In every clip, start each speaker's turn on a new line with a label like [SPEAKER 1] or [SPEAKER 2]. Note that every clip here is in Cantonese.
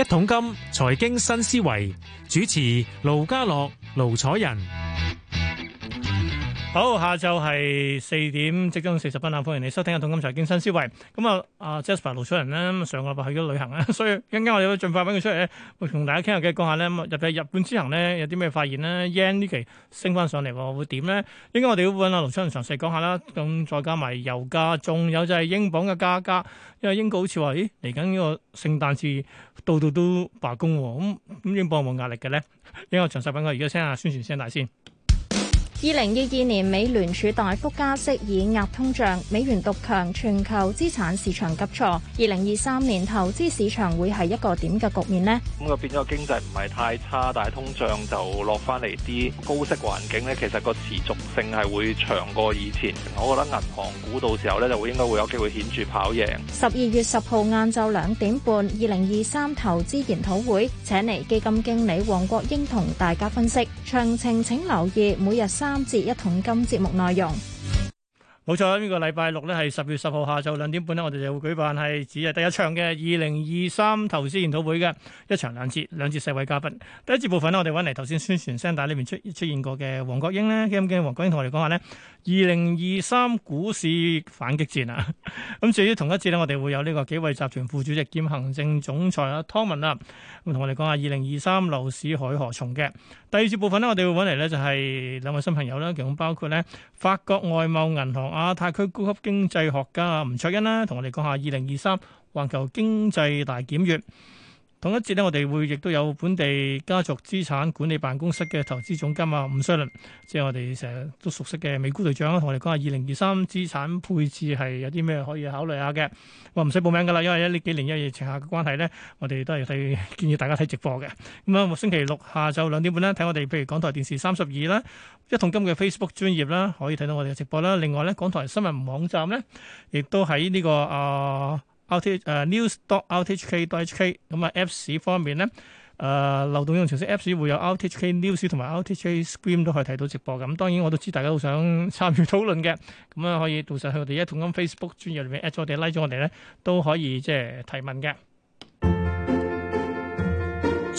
[SPEAKER 1] 一桶金財經新思維，主持盧家樂、盧楚仁。好，下晝係四點，即將四十分喇！歡迎你收聽一健身《一桶金財經新思維》。咁啊，阿 Jasper 盧楚仁咧，上個禮拜去咗旅行咧，所以陣間我哋會盡快搵佢出嚟咧，會同大家傾下偈。講下咧，入去日本之行咧有啲咩發現咧？yen 呢期升翻上嚟，會點咧？應該我哋會搵阿盧楚仁詳細講下啦。咁再加埋油價，仲有就係英鎊嘅價格，因為英國好似話，咦嚟緊呢個聖誕節，度度都罷工，咁、嗯、咁英鎊有冇壓力嘅咧？呢個詳細品我而家聽下宣傳聲大先。二零二二年美聯儲大幅加息，以壓通脹，美元獨強，全球資產市場急挫。二零二三年投資市場會係一個點嘅局面呢？咁變咗經濟唔係太差，但係通脹就落翻嚟，啲高息環境呢，其實個持續性係會長過以前。我覺得銀行股到時候咧就會應該會有機會顯著跑贏。十二月十號晏晝兩點半，二零二三投資研討會，請嚟基金經理黃國英同大家分析詳情，請留意每日三。三節一桶金節目內容。冇錯，呢個禮拜六咧係十月十號下晝兩點半咧，我哋就會舉辦係指係第一場嘅二零二三投資研討會嘅一場兩節，兩節四位嘉賓。第一節部分咧，我哋揾嚟頭先宣傳聲帶裏面出出現過嘅黃國英咧，咁嘅黃國英同我哋講下咧，二零二三股市反擊戰啊！咁 至於同一節咧，我哋會有呢個紀惠集團副主席兼行政總裁啊 t 湯文亮啊，咁同我哋講下二零二三樓市海河重嘅。第二節部分咧，我哋會揾嚟咧就係兩位新朋友啦，其中包括咧法國外貿銀行啊。亞太區高級經濟學家吳卓欣啦，同我哋講下二零二三環球經濟大檢閲。同一節咧，我哋會亦都有本地家族資產管理辦公室嘅投資總監啊，盧楚仁，即係我哋成日都熟悉嘅美股隊長啊，同我哋講下二零二三資產配置係有啲咩可以考慮下嘅。我唔使報名㗎啦，因為呢幾年疫情下嘅關係咧，我哋都係睇建議大家睇直播嘅。咁啊，星期六下午兩點半呢，睇我哋譬如港台電視三十二啦，一桶金嘅 Facebook 專頁啦，可以睇到我哋嘅直播啦。另外咧，港台新聞網站咧，亦都喺呢個啊。呃 out news dot out hk dot hk 咁啊 Apps 方面咧誒、呃，流動應用程式 Apps 會有 out hk news 同埋 out hk screen 都可以睇到直播咁，當然我都知大家好想參與討論嘅，咁啊，可以到時候去我哋一統喺 Facebook 專頁裏面 at 我哋 like 咗我哋咧都可以即係提問嘅。.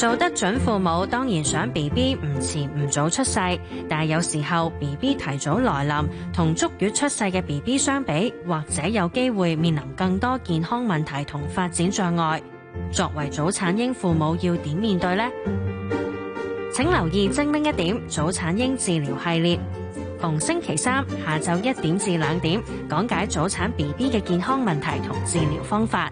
[SPEAKER 1] 做得準父母當然想 B B 唔遲唔早出世，但係有時候 B B 提早來臨，同足月出世嘅 B B 相比，或者有機會面臨更多健康問題同發展障礙。作為早產嬰父母要點面對呢？請留意精靈一點早產嬰治療系列，逢星期三下晝一點至兩點講解早產 B B 嘅健康問題同治療方法。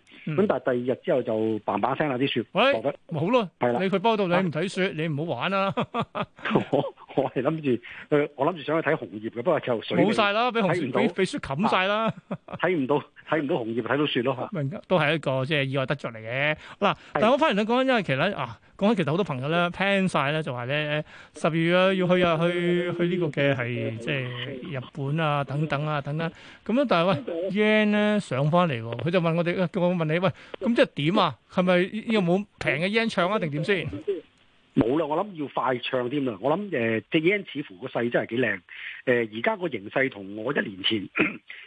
[SPEAKER 2] 咁但係第二日之後就嘭嘭聲啦，啲雪，喂，咪好咯。係啦，你去波度你唔睇
[SPEAKER 1] 雪，你唔好玩啦。
[SPEAKER 2] 我我係諗住，我諗住想去睇紅葉嘅，不過就冇曬啦，俾紅葉俾雪
[SPEAKER 1] 冚曬啦，睇唔到，睇唔到紅葉，睇到雪咯。明噶，都係一個即係意外得著嚟嘅。嗱，但係我返嚟咧講緊，因為其實啊，講緊其實好多朋友咧 plan 曬咧，就話咧十二月啊要去啊，去去呢個嘅係即係日本啊等等啊，等等。咁樣但係喂 yen 咧上翻嚟喎，佢就問我哋啊叫我問。喂，咁即係點啊？係咪要冇平嘅 yen 唱啊？定點先？
[SPEAKER 2] 冇啦，我諗要快唱添啦。我諗誒隻 yen 似乎個勢真係幾靚。而、呃、家個形勢同我一年前誒、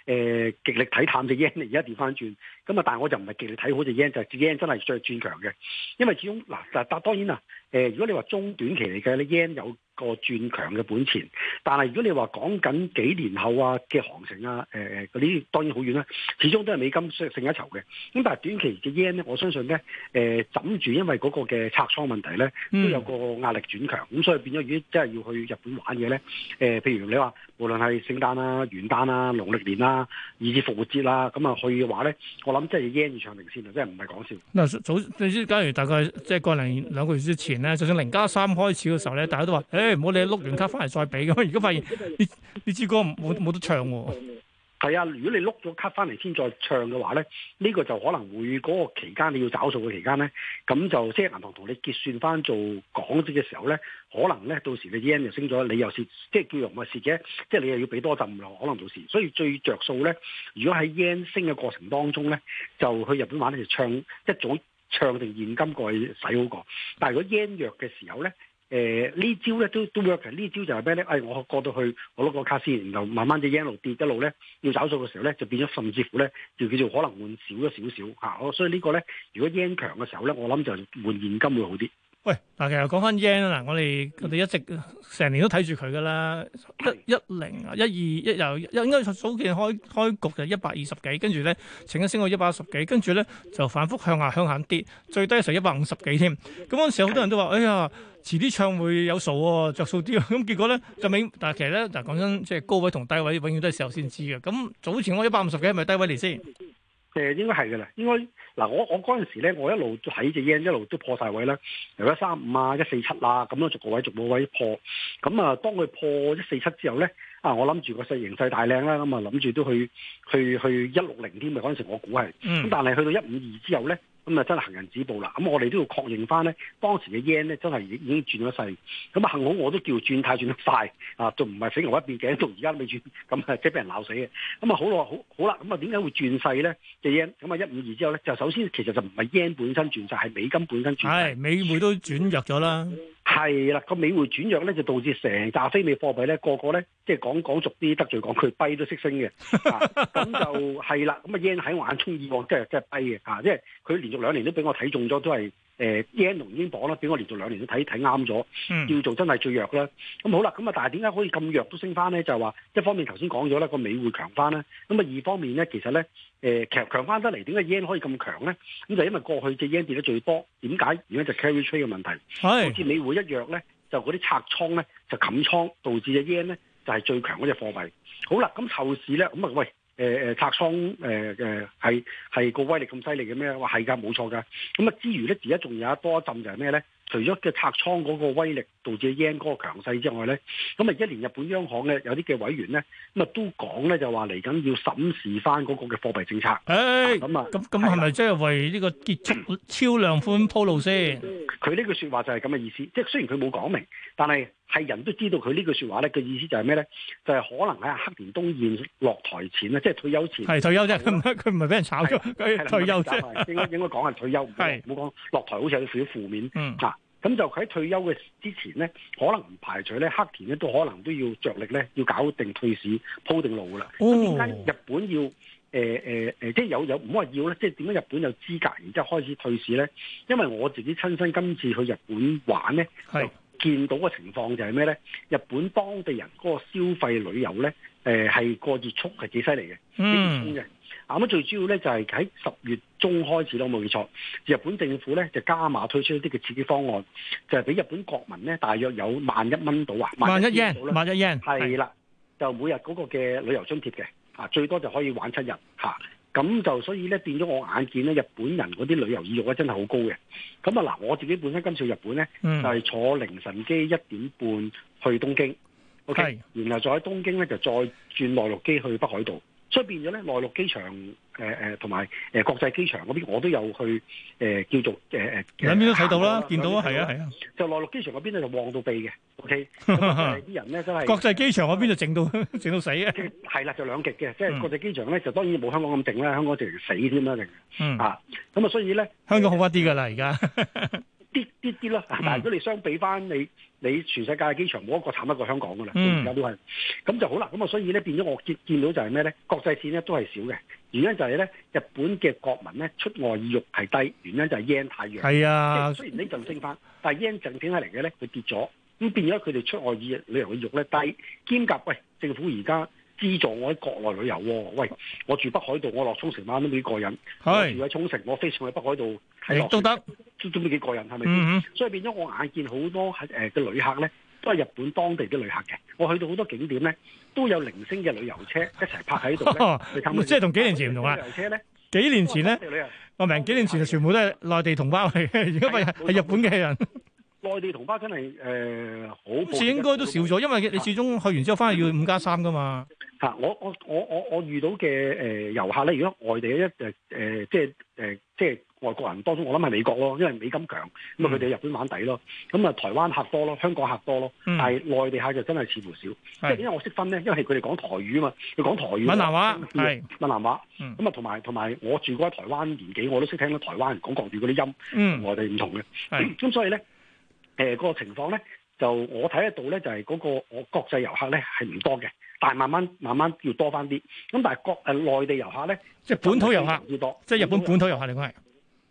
[SPEAKER 2] 呃、極力睇淡隻 yen，而家調翻轉。咁啊，但我就唔係極力睇好隻 yen，就只、是、yen 真係再轉強嘅。因為始終嗱嗱，但但當然啦誒，如果你話中短期嚟計，你 yen 有個轉強嘅本錢，但係如果你話講緊幾年後啊嘅行情啊，誒誒啲當然好遠啦，始終都係美金勝勝一籌嘅。咁但係短期嘅 yen 咧，我相信咧，誒枕住因為嗰個嘅拆倉問題咧，都有個壓力轉強，咁所以變咗如果真係要去日本玩嘢咧，誒、呃、譬如你話無論係聖誕啊、元旦啊、農曆年啦、以至復活節啦，咁啊去嘅話咧，我諗真係 yen 要唱明先啊，真係唔係講笑。
[SPEAKER 1] 嗱、嗯、早假如大概即係過嚟兩個月之前。就算零加三開始嘅時候咧，的大家都話，誒唔好你碌完卡翻嚟再俾咁。如果發現的你呢支你的歌唔冇冇得唱喎，
[SPEAKER 2] 係啊！如果你碌咗卡翻嚟先再唱嘅話咧，呢、呢個就可能會嗰個期間你要找數嘅期間咧，咁就即係、就是、銀行同你結算翻做港紙嘅時候咧，可能咧到時你 yen 又升咗，你又是即係叫唔物事嘅，即係你又要俾多浸落，可能到時。所以最着數咧，如果喺 yen 升嘅過程當中咧，就去日本玩咧就唱一早。唱定現金過去使好過，但係如果 yen 弱嘅時候咧，誒、呃、呢招咧都都 work 嘅，呢招就係咩咧？誒、哎、我過到去，我攞個卡先，然後慢慢隻 yen 一路跌一路咧，要找數嘅時候咧，就變咗甚至乎咧，就叫，叫做可能換少咗少少吓。我、啊、所以呢個咧，如果 yen 強嘅時候咧，我諗就換現金會好啲。
[SPEAKER 1] 喂，嗱，其實講翻 yen 啦，我哋我哋一直成年都睇住佢噶啦，一一零啊，一二一由一應該早前開開局就一百二十幾，跟住咧，曾一升到一百八十幾，跟住咧就反覆向下向下跌，最低時候一百五十幾添。咁嗰陣時好多人都話，哎呀，遲啲唱會有數喎、哦，着數啲啊，咁結果咧就明，但係其實咧，嗱講真，即係高位同低位永遠都係事後先知嘅。咁早前我一百五十幾係咪低位嚟先？
[SPEAKER 2] 誒應該係嘅啦，應該嗱，我我嗰陣時咧，我一路睇隻 yen 一路都破晒位 1, 3, 5, 1, 4, 7, 啦，由一三五啊、一四七啊咁樣逐個位逐個位，逐個位破，咁啊當佢破一四七之後咧，啊我諗住個勢形勢大靚啦，咁啊諗住都去去去一六零添，咪嗰陣時我估係，咁、嗯、但係去到一五二之後咧。咁啊，真係行人止步啦！咁我哋都要確認翻咧，當時嘅 yen 咧真係已已經轉咗勢。咁啊，幸好我都叫轉太轉得快啊，仲唔係死牛一邊頸，到而家都未轉，咁 啊即係俾人鬧死嘅。咁啊，好耐好好啦，咁啊點解會轉勢咧？嘅 yen 咁啊，一五二之後咧，就首先其實就唔係 yen 本身轉勢，係美金本身轉勢。係、哎，
[SPEAKER 1] 美匯都轉弱咗啦。
[SPEAKER 2] 嗯係啦，個美匯轉弱咧，就導致成紮非美貨幣咧，個個咧即係講講熟啲得罪講佢低都識升嘅，咁、 啊、就係啦。咁啊 yen 喺我眼中以往真係真係低嘅，即係佢連續兩年都俾我睇中咗，都係。誒 yen 同英鎊咧，俾我連續兩年都睇睇啱咗，叫做真係最弱啦。咁好啦，咁啊，但係點解可以咁弱都升翻咧？就係、是、話一方面頭先講咗啦，個美匯強翻咧。咁啊，二方面咧，其實咧，其、呃、強強翻得嚟，點解 yen 可以咁強咧？咁就因為過去隻 yen 跌得最多，點解而家就 carry trade 嘅問題？好似美匯一弱咧，就嗰啲拆倉咧就冚倉，導致隻 yen 咧就係最強嗰隻貨幣。好啦，咁後市咧，咁啊，喂。誒誒，呃、拆倉誒誒，係係個威力咁犀利嘅咩？話係㗎，冇錯㗎。咁啊之餘咧，而家仲有一多一陣就係咩咧？除咗嘅拆倉嗰個威力導致 yen 嗰個強勢之外咧，咁啊一年日本央行咧有啲嘅委員咧咁啊都講咧就話嚟緊要審視翻嗰個嘅貨幣政策。誒咁，哎
[SPEAKER 1] 哎哎，啊咁咁係咪真係為呢個結束超量寬鋪路先？佢呢、嗯嗯嗯，句説話就係咁嘅意思。即係雖然佢冇講明，但係。
[SPEAKER 2] 係人都知道佢呢句說話咧，個意思就係咩咧？就係、是、可能喺黑田東彥落台前咧，即係退休前。係退休啫，
[SPEAKER 1] 佢唔係俾人炒咗，佢係、啊、退休、啊、
[SPEAKER 2] 應該應該講係退休，唔是好講落台，好似有少少負面吓。咁、啊、就喺退休嘅之前咧，可能唔排除咧，黑田咧都可能都要着力咧，要搞定退市鋪定路噶啦。咁點解日本要誒誒誒，即、呃、係、呃就是、有有唔好話要咧，即係點解日本有資格然之後開始退市咧？因為我自己親身今次去日本玩咧。係。見到嘅情況就係咩咧？日本當地人嗰個消費旅遊咧，誒係個熱速係幾犀利嘅，幾
[SPEAKER 1] 瘋
[SPEAKER 2] 嘅。啊咁、嗯，最主要咧就係喺十月中開始都冇錯。日本政府咧就加碼推出一啲嘅刺激方案，就係、是、俾日本國民咧大約有萬一蚊到啊，萬一 yen，萬一 yen，係啦，就每日嗰個嘅旅遊津貼嘅，啊最多就可以玩七日嚇。啊咁就所以咧，變咗我眼見咧，日本人嗰啲旅遊意欲咧，真係好高嘅。咁啊嗱，我自己本身今次去日本咧，嗯、就係坐凌晨機一點半去東京，OK，是然後再喺東京咧就再轉內陸機去北海道。所以變咗咧，內陸機場誒誒同埋誒國際機場嗰邊，我都有去誒、呃、叫
[SPEAKER 1] 做誒誒。呃、兩邊都睇到啦，見到，係啊，啊係啊。
[SPEAKER 2] 就內陸機場嗰邊咧就旺到痹嘅，O K。啲、okay? 人咧真係。國
[SPEAKER 1] 際機場嗰邊就靜到靜到死
[SPEAKER 2] 啊！係啦，就兩極嘅，嗯、即係國際機場咧就當然冇香港咁靜啦，香港靜到死添啦，靜。嗯。啊，咁啊，所以咧。
[SPEAKER 1] 香港好一啲㗎啦，而家。
[SPEAKER 2] 啲啲啲咯，但係如果你相比翻你你全世界嘅機場，冇一個慘得過香港㗎啦，而家都係，咁就好啦。咁啊，所以咧，變咗我見見到就係咩咧？國際線咧都係少嘅，原因就係咧日本嘅國民咧出外意欲係低，原因就係 yen 太弱。係啊，雖然呢振升翻，但係 yen 振升起嚟嘅咧佢跌咗，咁變咗佢哋出外意旅行嘅欲咧低，兼夾喂政府而家。資助我喺國內旅遊喎，喂！我住北海道，我落沖繩灣都幾過癮。我住喺沖繩，我飛上去北海道，
[SPEAKER 1] 係都得，
[SPEAKER 2] 都都幾過癮，係咪？所以變咗我眼見好多誒嘅旅客咧，都係日本當地嘅旅客嘅。我去到好多景點咧，都有零星嘅旅遊車一齊泊喺度。即係
[SPEAKER 1] 同幾年前唔同啦。幾年前咧，我明幾年前就全部都係內地同胞嚟嘅，而家係日本嘅人。
[SPEAKER 2] 內地同胞真係誒好，是應該都
[SPEAKER 1] 少咗，因為你始終去完之後翻去要五加三噶嘛。我
[SPEAKER 2] 我我我我遇到嘅誒遊客咧，如果外地一誒、呃呃、即係誒、呃、即係外國人，當中我諗係美國咯，因為美金強，咁啊佢哋日本玩底咯，咁啊台灣客多咯，香港客多咯，但係內地客就真係似乎少，即、嗯、因為我識分咧，因為佢哋講台語啊嘛，佢講台語，閩的南話係的閩南話，咁啊同埋同埋我住過喺台灣年紀，我都識聽到台灣人講國語嗰啲音，我同，同內地唔同嘅，咁、嗯、所以咧誒嗰個情況咧。就我睇得到咧，就係嗰個我國際遊客咧係唔多嘅，但係慢慢慢慢要多返啲。咁但係國誒內地遊客咧，即係本土遊客要多，多，即係日本本土
[SPEAKER 1] 遊客嚟講
[SPEAKER 2] 係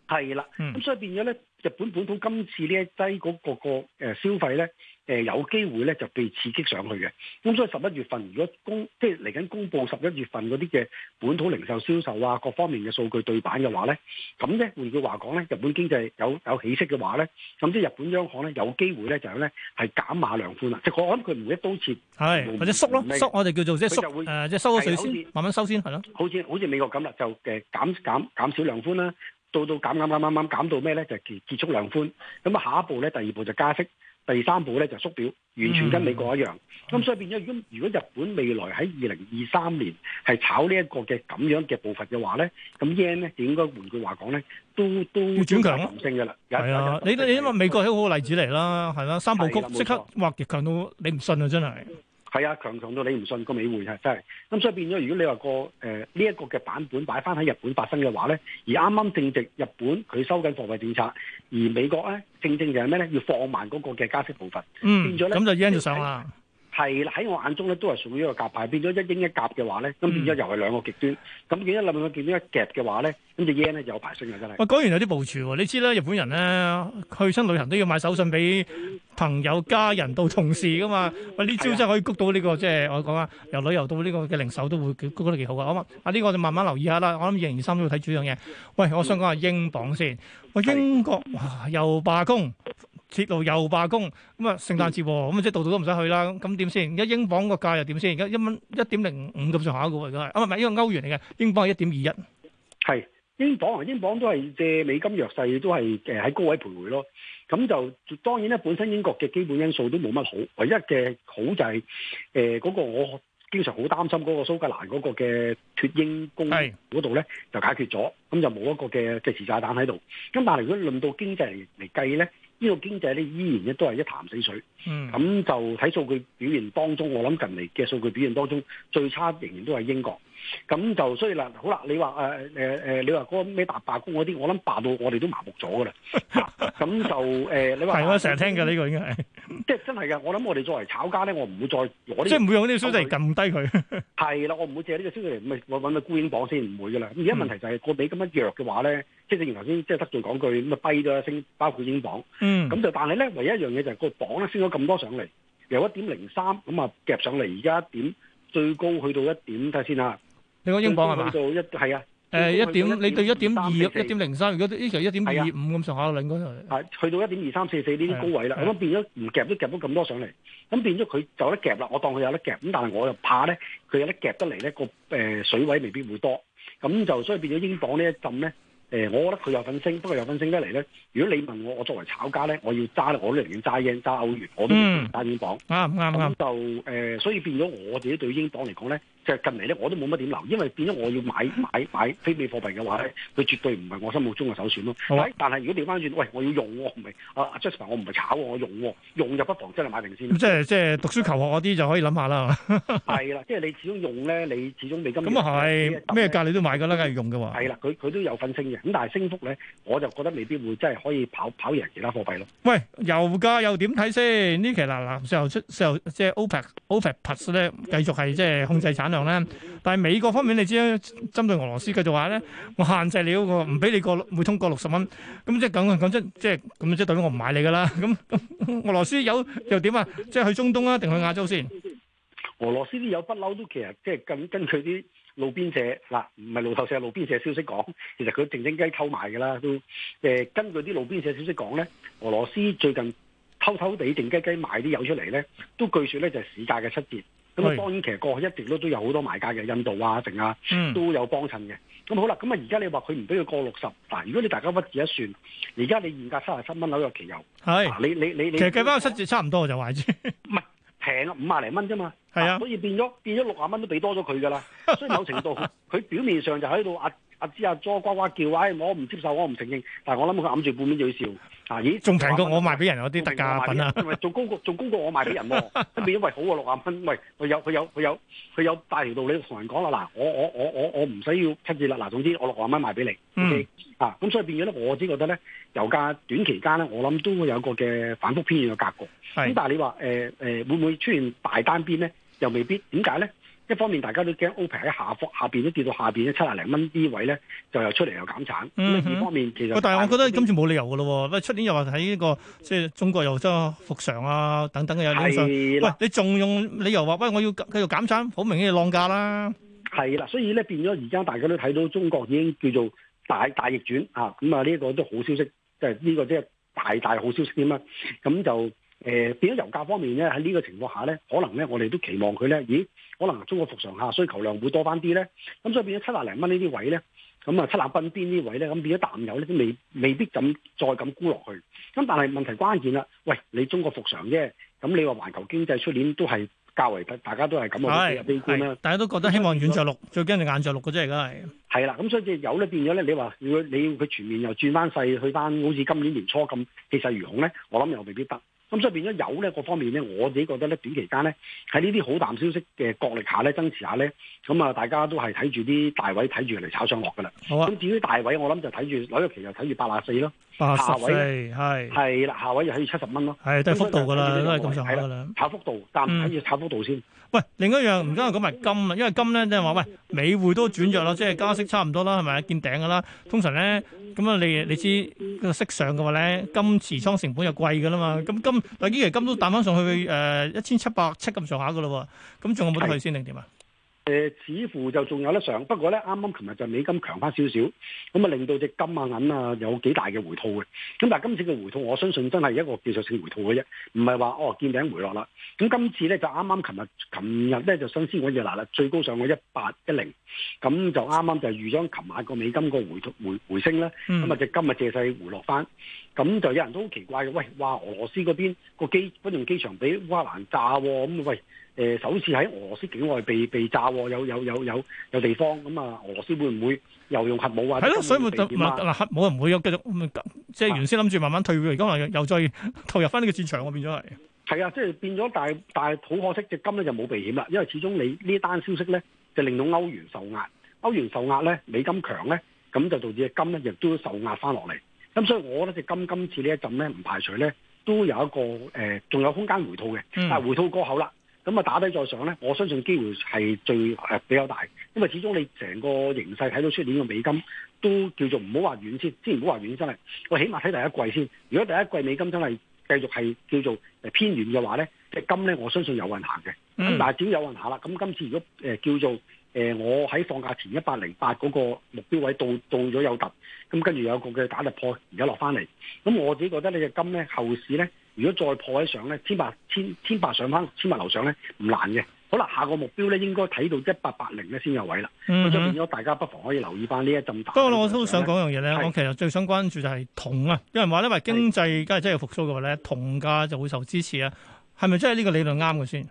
[SPEAKER 2] 係啦。咁、嗯、所以變咗咧。日本本土今次呢一劑嗰個個誒消費咧誒有機會咧就被刺激上去嘅，咁所以十一月份如果公即係嚟緊公佈十一月份嗰啲嘅本土零售銷售啊各方面嘅數據對版嘅話咧，咁咧換句話講咧，日本經濟有有起色嘅話咧，咁即係日本央行咧有機會咧就咧係減碼量寬啊！即係我諗佢唔會一刀切，係
[SPEAKER 1] 或者縮咯縮，我哋叫做即係縮誒，即係收咗水先，慢慢收先
[SPEAKER 2] 係咯，好似好似美國咁啦，就誒減減減少量寬啦。到到減減減減減減到咩咧？就結結束量寬，咁啊下一步咧，第二步就加息，第三步咧就縮表，完全跟美國一樣。咁、嗯、所以變咗，如果如果日本未來喺二零二三年係炒這這呢一個嘅咁樣嘅步伐嘅話咧，咁 yen 咧點解換句話講咧都都要轉強咯，
[SPEAKER 1] 升嘅啦，係啊，你、嗯、你因為美國係一個好例子嚟啦，係啦、啊，三部曲即刻哇極強到你唔信啊，信真係！係啊，強強到你唔信個美匯係真係，咁、嗯、所以變咗。
[SPEAKER 2] 如果你話個誒呢一個嘅版本擺翻喺日本發生嘅話咧，而啱啱正值日本佢收緊貨幣政策，而美國咧正正就係咩咧，要放慢嗰個嘅加息步伐。嗯，變咗咧，咁就已經要上啦。係啦，喺我眼中咧，都係屬於一個夾牌，變咗一英一夾嘅話咧，咁變咗又係兩個極端。咁見到一兩，見到一夾嘅話咧，咁就 Yen 就有又排升㗎真係。
[SPEAKER 1] 喂，講完有啲部署喎，你知啦，日本人咧去親旅行都要買手信俾朋友、家人到同事噶嘛。喂，呢招真係可以谷到呢個，即係我講啦，由旅遊到呢個嘅零售都會谷到幾好㗎。好嘛，啊呢個就慢慢留意下啦。我諗二零二三都要睇住一樣嘢。喂，我想講下英鎊先。喂，英國的又罷工。鐵路又罷工，咁啊聖誕節喎，咁啊即係度度都唔使去啦，咁點先？而家英鎊個價又點先？而家一蚊一點零五咁上下嘅喎，而家係啊唔係，因為歐元嚟嘅，英鎊係一點二一，係
[SPEAKER 2] 英鎊啊，英鎊都係借美金弱勢，都係誒喺高位徘徊咯。咁就當然咧，本身英國嘅基本因素都冇乜好，唯一嘅好就係誒嗰個我經常好擔心嗰個蘇格蘭嗰個嘅脫英公嗰度咧就解決咗，咁就冇一個嘅即時炸彈喺度。咁但係如果論到經濟嚟嚟計咧，呢個經濟咧依然咧都係一潭死水，嗯，咁就睇數據表現當中，我諗近嚟嘅數據表現當中，最差仍然都係英國。咁就所以啦，好啦，你話誒誒誒，你話嗰個咩罷罷工嗰啲，我諗罷到我哋都麻木咗噶啦。咁就誒，你話係啊，成日聽噶呢個，應該係即係真係噶。我諗、這個、我哋作為炒家咧，我唔會再攞即係唔會用呢啲消息嚟撳低佢。係 啦，我唔會借呢個消息嚟咪搵搵個沽英鎊先，唔會噶啦。而家問題就係、是嗯、個美金咁一弱嘅話咧，即係正如頭先，即係德俊講句咁啊，低咗升，包括英鎊。咁、嗯、就但係咧，唯一一樣嘢就係、是、個鎊咧升咗咁多上嚟，由一點零三咁啊夾上嚟，而家一點最高去到一點睇下先啊！
[SPEAKER 1] 你講英鎊係咪？係去到一係啊？誒，一點你對一點二、一點零三，如果呢期一點二五咁上下，令嗰度係去到一點二三四四呢啲高位啦。咁、啊啊、變咗唔夾都夾到咁多上嚟，咁
[SPEAKER 2] 變咗佢就得夾啦。我當佢有得夾，咁但係我又怕咧，佢有得夾得嚟咧，個誒水位未必會多。咁就所以變咗英鎊呢一浸咧，誒，我覺得佢有份升，不過有份升得嚟咧。如果你問我，我作為炒家咧，我要揸咧，我都寧願揸英揸歐元，我都唔揸英鎊。啱啱啱。就誒、啊，所以變咗我自己對英鎊嚟講咧。即係近嚟咧，我都冇乜點留意，因為變咗我要買買買非美貨幣嘅話咧，佢絕對唔係我心目中嘅首選咯。吧但係如果調翻轉，喂，我要用、啊、我唔係阿阿 Jasper，我唔係炒，我用，用就不妨真係買定先。即係
[SPEAKER 1] 即係讀書求學嗰啲就可以諗下啦。
[SPEAKER 2] 係 啦，即係你始終用咧，你始終美金。咁啊係
[SPEAKER 1] 咩價你都買㗎啦，梗係用㗎嘛。係啦，
[SPEAKER 2] 佢佢都有份升嘅，咁但係升幅咧，我就覺得未必會真係可以跑跑贏其他貨幣咯。
[SPEAKER 1] 喂，油價又點睇先？期 OPEC, OPEC 呢期嗱嗱上又出，又即係 OPEC OPEC Plus 咧，繼續係即係控制產。咧，但係美國方面你知啦，針對俄羅斯繼續話咧，我限制你嗰個，唔俾你過，唔通過六十蚊，咁即係咁，咁即即係咁即係我唔買你噶啦。咁俄羅斯有又點啊？即係去中東啊，定去亞洲先？
[SPEAKER 2] 俄羅斯啲油不嬲都其實即係跟根據啲路邊社嗱，唔係路透社，路邊社消息講，其實佢靜靜雞偷買噶啦，都誒根據啲路邊社消息講咧，俄羅斯最近偷偷地靜雞雞買啲油出嚟咧，都據說咧就係市價嘅七折。咁啊，嗯、當然其實過去一直都都有好多買家嘅，印度啊，剩啊，都有幫襯嘅。咁好啦，咁啊，而家你話佢唔俾佢過六十，嗱，如果你大家屈指一算，而家你現價七啊七蚊紐約期油，你你你你，你你其實計翻
[SPEAKER 1] 個七折差唔多我就係，唔
[SPEAKER 2] 係平啊，五啊零蚊啫嘛，係啊，所以變咗變咗六啊蚊都俾多咗佢㗎啦，所以某程度，佢表面上就喺度壓。知啊，咗呱呱叫啊！我唔接受，我唔承認。但係我諗佢揞住半面嘴笑。啊，咦？仲平過我
[SPEAKER 1] 賣俾人嗰啲特價品啊！做廣
[SPEAKER 2] 告，做廣告，我賣俾人喎。跟住 因為好啊，六萬蚊。喂，佢有佢有佢有佢有大條道理你同人講啦。嗱，我我我我我唔使要親自啦。嗱，總之我六萬蚊賣俾你。O K。啊，咁所以變咗咧，我只覺得咧，油價短期間咧，我諗都會有一個嘅反覆偏遠嘅格局。咁是 但係你話誒誒會唔會出現大單邊咧？又未必。點解咧？一方面大家都驚 open 喺下幅，下邊，都跌到下邊咧七廿零蚊呢位咧，就又出嚟又減產。咁、嗯、哼方面，其實但係我覺得今次冇理
[SPEAKER 1] 由噶咯。喂，出年又話喺呢個即係、就是、中國又即係復常啊等等嘅因素。的喂，你仲用理由話喂，我要繼續減產，好明顯係浪價啦。係啦，所以咧變
[SPEAKER 2] 咗而家大家都睇到中國已經叫做大大逆轉啊！咁、嗯、啊，呢、這個個都好消息，即係呢個即係大大好消息啊嘛。咁就誒，變、呃、咗油價方面咧喺呢個情況下咧，可能咧我哋都期望佢咧，咦？可能中國復常下需求量會多翻啲咧，咁所以變咗七十零蚊呢啲位咧，咁啊七十蚊邊呢啲位咧，咁變咗淡友咧都未未必咁再咁沽落去。咁但係問題關鍵啦，喂你中國復常啫，咁你話環球經濟出年都係較為大家都係咁嘅悲觀啦。
[SPEAKER 1] 大家都覺得希望軟著陸，就是、最驚係硬著陸嘅啫，而家係。
[SPEAKER 2] 係啦，咁所以隻油咧變咗咧，你話如果你要佢全面又轉翻勢，去翻好似今年年初咁，氣勢如虹咧，我諗又未必得。咁所以變咗有咧，各方面咧，我自己覺得咧，短期間咧，喺呢啲好淡消息嘅角力下咧，爭持下咧，咁啊，大家都係睇住啲大位睇住嚟炒上落噶啦。好啊。咁至於大位，我諗就睇住紐約期就，就睇住八廿四咯。
[SPEAKER 1] 八十位，
[SPEAKER 2] 係係啦，下位就可以七十蚊咯，係都係幅度噶啦，都係咁上下噶啦，炒幅度
[SPEAKER 1] 但係要炒幅度先。喂，另一樣，唔該我講埋金啊，因為金咧即係話喂，美匯都轉弱啦，即係加息差唔多啦，係咪見頂噶啦？通常咧咁啊，你你知個息上嘅話咧，金持倉成本又貴噶啦嘛。咁金但係依期金都彈翻上去誒，一千七百七咁上下噶咯，咁仲有冇睇先定點啊？
[SPEAKER 2] 誒、呃，似乎就仲有得上，不過咧，啱啱琴日就美金強翻少少，咁啊，令到隻金啊銀啊有幾大嘅回吐嘅。咁但係今次嘅回吐，我相信真係一個技術性回吐嘅啫，唔係話哦見頂回落啦。咁今次咧就啱啱，琴日呢，琴日咧就新鮮嘅嘢啦啦，最高上個一八一零，咁就啱啱就預咗琴晚個美金個回回回升咧，咁啊隻金啊借勢回落翻。咁就有人都好奇怪嘅，喂，哇！俄羅斯嗰邊個機軍用機場俾烏克蘭炸喎，咁喂，誒、呃，首次喺俄羅斯境外被被炸喎，有有有有有地方，咁、嗯、啊，俄羅斯會唔會又用核武啊？係咯，所以咪就嗱
[SPEAKER 1] 嗱、啊、核武唔會又繼續，啊、即係原先諗住慢慢退，而家又再投入翻呢個戰場喎，變咗係。係啊，
[SPEAKER 2] 即、就、係、是、變咗，但係但係好可惜，隻金咧就冇避險啦，因為始終你呢單消息咧就令到歐元受壓，歐元受壓咧，美金強咧，咁就導致隻金咧亦都受壓翻落嚟。咁所以，我覺得今今次呢一陣咧，唔排除咧，都有一個誒，仲、呃、有空間回吐嘅。但係回吐過後啦，咁啊打低再上咧，我相信機會係最、呃、比較大。因為始終你成個形勢睇到出年個美金都叫做唔好話軟先，之前唔好話軟真係。我起碼睇第一季先。如果第一季美金真係繼續係叫做偏軟嘅話咧，即係金咧，我相信有運行嘅。咁但係只要有運行啦，咁今次如果、呃、叫做。誒、呃，我喺放假前一百零八嗰個目標位到到咗有突，咁跟住有個嘅打突破而家落翻嚟，咁我自己覺得你金呢隻金咧後市咧，如果再破喺上咧，千百千千百上翻千百樓上咧唔難嘅，好啦，下個目標咧應該睇到一百八零咧先有位啦。咁就變咗大家不妨可以留意翻呢一陣。不過
[SPEAKER 1] 我都想講樣嘢咧，我其實最想關注就係銅啊，因為有人經話呢，話經濟如果真係復甦嘅話咧，銅價就會受支持啊，係咪真係呢個理論啱嘅先？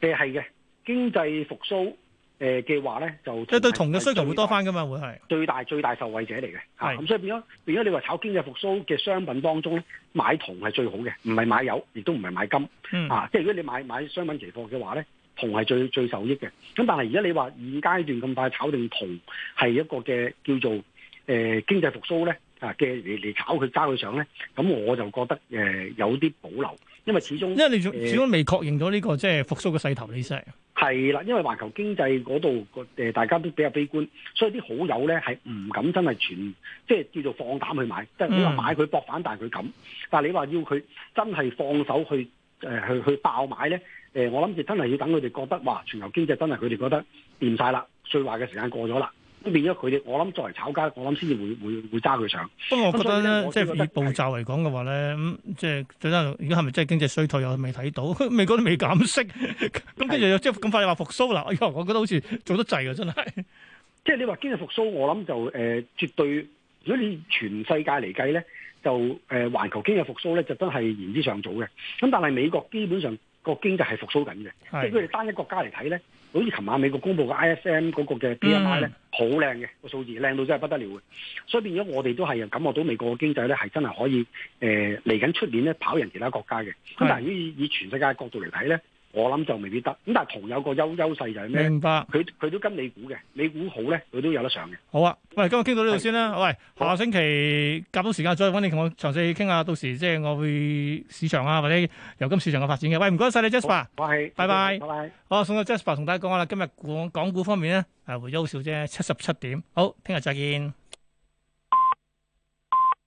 [SPEAKER 2] 即係嘅，經濟復甦。誒嘅話咧，就即係對銅嘅需求會多翻噶嘛，會係最大最大受惠者嚟嘅，咁所以變咗變咗你話炒經濟復甦嘅商品當中咧，買銅係最好嘅，唔係買油，亦都唔係買金，啊，即係如果你買買商品期貨嘅話咧，銅係最最受益嘅。咁但係而家你話現階段咁快炒定銅係一個嘅叫做誒經濟復甦咧啊嘅嚟嚟炒佢揸佢上咧，咁我就覺得誒有啲保留。因為始終，因為你始終
[SPEAKER 1] 未確認到呢個即係復甦嘅勢頭，呢啲嘢
[SPEAKER 2] 係啦，因為環球經濟嗰度個大家都比較悲觀，所以啲好友咧係唔敢真係全即係叫做放膽去買，即係你話買佢搏反彈佢敢，但係你話要佢真係放手去誒去、呃、去爆買咧，誒、呃、我諗住真係要等佢哋覺得話全球經濟真係佢哋覺得掂晒啦，最壞嘅時間過咗啦。都變咗佢哋，我諗作為炒家，我諗先至會會會揸佢上。
[SPEAKER 1] 不過我覺得咧，即係以步驟嚟講嘅話咧，咁即係最緊要，而家係咪真係經濟衰退又未睇到？美國都未減息，咁跟住又即係咁快又話復甦啦？哎喲，我覺得好似做得滯啊，真係。
[SPEAKER 2] 即係你話經濟復甦，我諗就誒、呃、絕對。如果你全世界嚟計咧，就誒環、呃、球經濟復甦咧，就都係言之尚早嘅。咁但係美國基本上個經濟係復甦緊嘅，是即係佢哋單一國家嚟睇咧，好似琴晚美國公布嘅 ISM 嗰個嘅 PMI 咧。好靚嘅個數字，靚到真係不得了嘅，所以變咗我哋都係啊，感覺到美國嘅經濟咧係真係可以誒，嚟緊出年咧跑人其他國家嘅。咁是的 但係如果以以全世界角度嚟睇咧。我諗就未必得，咁但係同有個優優勢就係咩？明白，佢佢都跟美股嘅，美股好咧，佢都有得上嘅。
[SPEAKER 1] 好啊，先是喂，今日傾到呢度先啦，喂，下星期夾到時間再揾你同我詳細傾下，到時即係我會市場啊或者油金市場嘅發展嘅。喂，唔該晒你，Jasper，我係，拜拜，好，送咗 Jasper 同大家講下啦，今日港港股方面咧係回咗好少啫，七十七點，好，聽日再見。